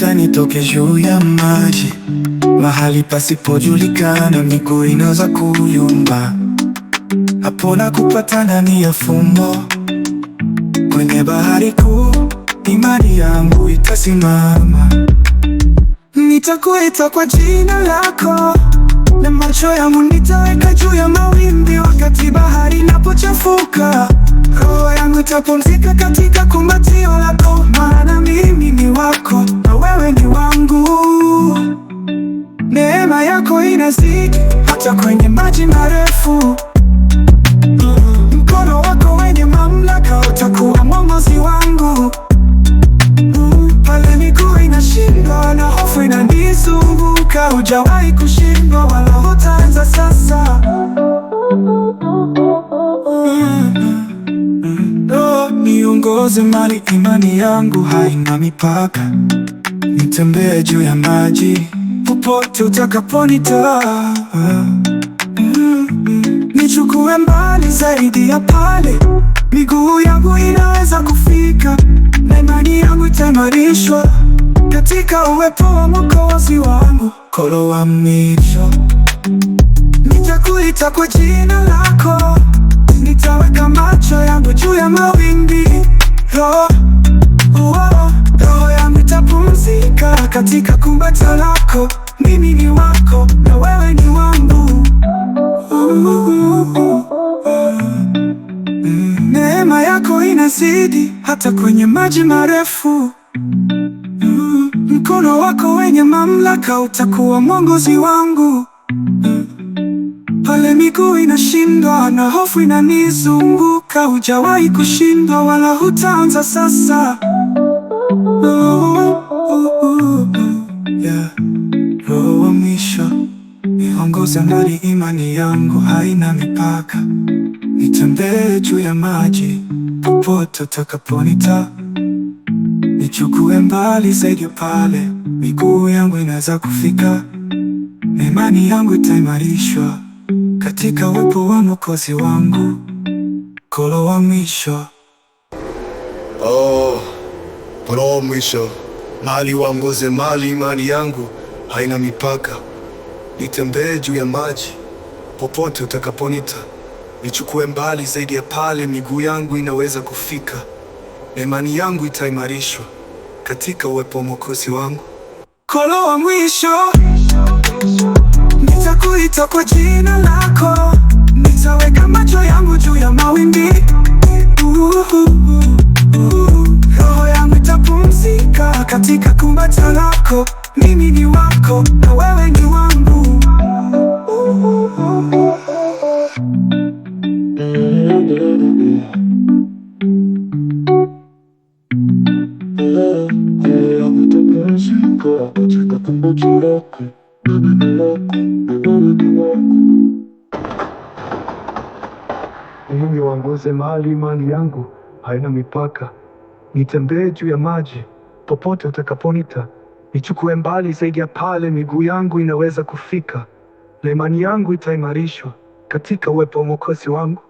Nilipita nitoke juu ya maji, mahali pasipojulikana, miguu inaanza kuyumba. Hapo na kupata ya fumbo, kwenye bahari kuu, imani yangu itasimama. Nitakuita kwa jina lako, na macho yangu nitaweka juu ya mawimbi. Wakati bahari inapochafuka, roho yangu itapumzika katika kumbatio Kuja kwenye maji marefu, mkono wako wenye mamlaka, utakuwa mwongozi wangu. Pale miguu inashindwa na hofu inanizunguka, hujawahi kushindwa wala hutaanza sasa. Niongoze mali, imani yangu haina mipaka, nitembee juu ya maji popote utakaponitoa zaidi ya pale miguu yangu inaweza kufika, na imani yangu itaimarishwa katika uwepo wa Mwokozi wangu. Kolo wa mwisho, nitakuita kwa jina lako, nitaweka macho yangu juu ya mawimbi. Roho oh, oh, oh. roho yangu itapumzika katika kumbata lako. Mimi ni wako na wewe ni wangu. kuzidi hata kwenye maji marefu. Mm, mkono wako wenye mamlaka utakuwa mwongozi wangu. pale miguu inashindwa na hofu inanizunguka, hujawahi kushindwa wala hutaanza sasa. Oh, oh, oh, oh, yeah. Roho wa mwisho niongoza mali, imani yangu haina mipaka, nitembee juu ya maji popote utakaponita, nichukue mbali zaidi pale miguu yangu inaweza kufika. Imani yangu itaimarishwa katika uwepo wa Mwokozi wangu. Kolo wa mwisho, oh, kolo wa mwisho, mali waongoze mali, imani yangu haina mipaka, nitembee juu ya maji popote utakaponita nichukue mbali zaidi ya pale miguu yangu inaweza kufika, na imani yangu itaimarishwa katika uwepo wa Mwokozi wangu. Kolo wa mwisho, nitakuita kwa jina lako, nitaweka macho yangu juu ya mawimbi. Roho yangu itapumzika katika kumbatio lako. Mimi ni wako na wewe ni wangu. Mimi ni wangoze mahali imani yangu haina mipaka, nitembee juu ya maji popote utakaponita, nichukue mbali zaidi ya pale miguu yangu inaweza kufika, na imani yangu itaimarishwa katika uwepo wa Mwokozi wangu.